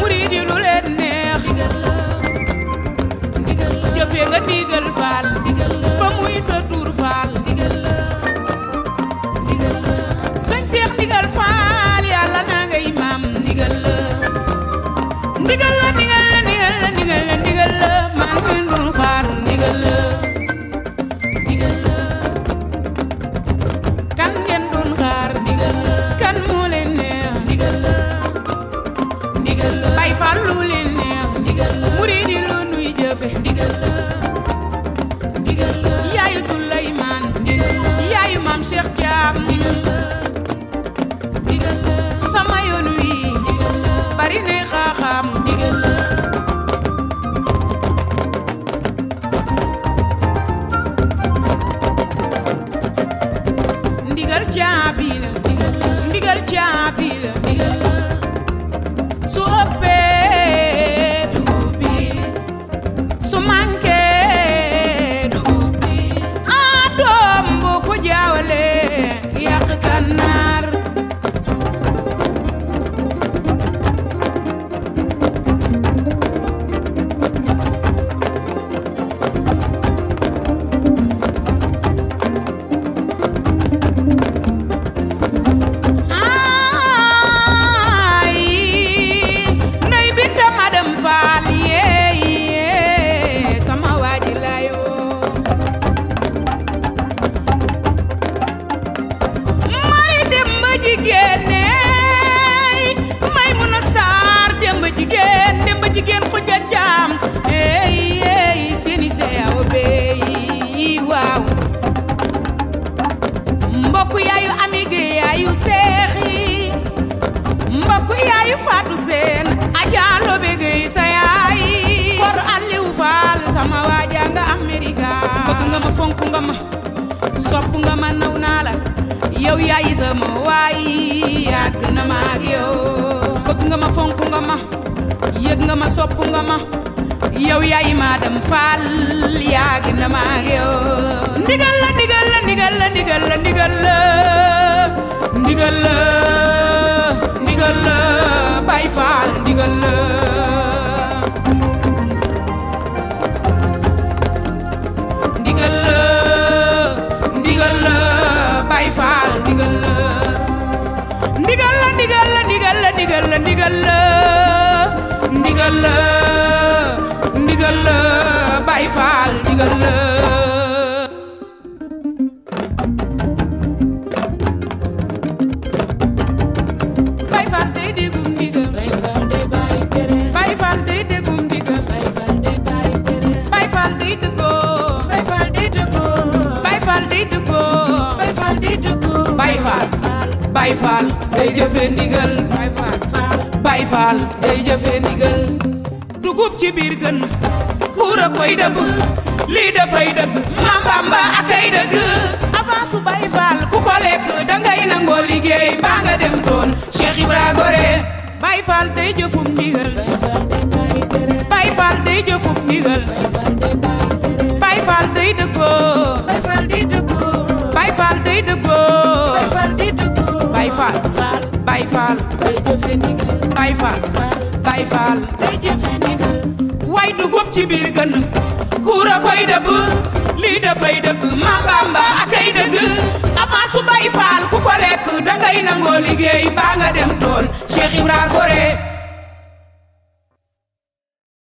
murid yi lu leen neex jëfe nga ndigal faal ba muy sa tuur faal sëñ Seex ndigal faal yàlla naa ngay ndigal la ndigal la ndigal murid yi lu nuy jëfe ndigal la ndigal la yaayu Suleymaan ndigal la yaayu maam Cheikh Thiam sama yoon wi bari ne xaaxa mbokku yaayu amigi yaayu seex yi yaayu faatu seen ajaalo bégéy sa yaay kor alliw faal sama waajaa nga amerika bëgg nga ma fonk nga ma sopp nga ma naw naa la yow yaayi sama waay yàgg na ma ak yow bëgg nga ma fonk nga ma yëg nga ma sopp nga ma yow yaay madam Fall yàgg na ma ak yow ndigal la ndigal la ndigal la ndigal la ndigal la ndigal la ndigal la Baay Fall ndigal la ndigal la ndigal la Baay Fall ndigal la ndigal la ndigal la ndigal la ndigal la ndigal la ndigal la ndigal la Baay Faal ndigal la Baay Faal day jëfe ndigal Baay Faal day jëfe ndigal dugub ci biir gën kuura koy dëbb lii dafay dëgg maam akay dëgg avance bay faal ku ko lekk dangay nangoo liggéey baa nga dem toon Cheikh Ibra Gore bay bay faal day jëfum ndigal bay faal day dëggoo ci biir gën kuura koy dëbb lii dafay dëgg ma bamba akay dëgg amaa su faal ku ko lekk dangay nangoo liggéey mbaa nga dem tool Cheikh Ibra Gore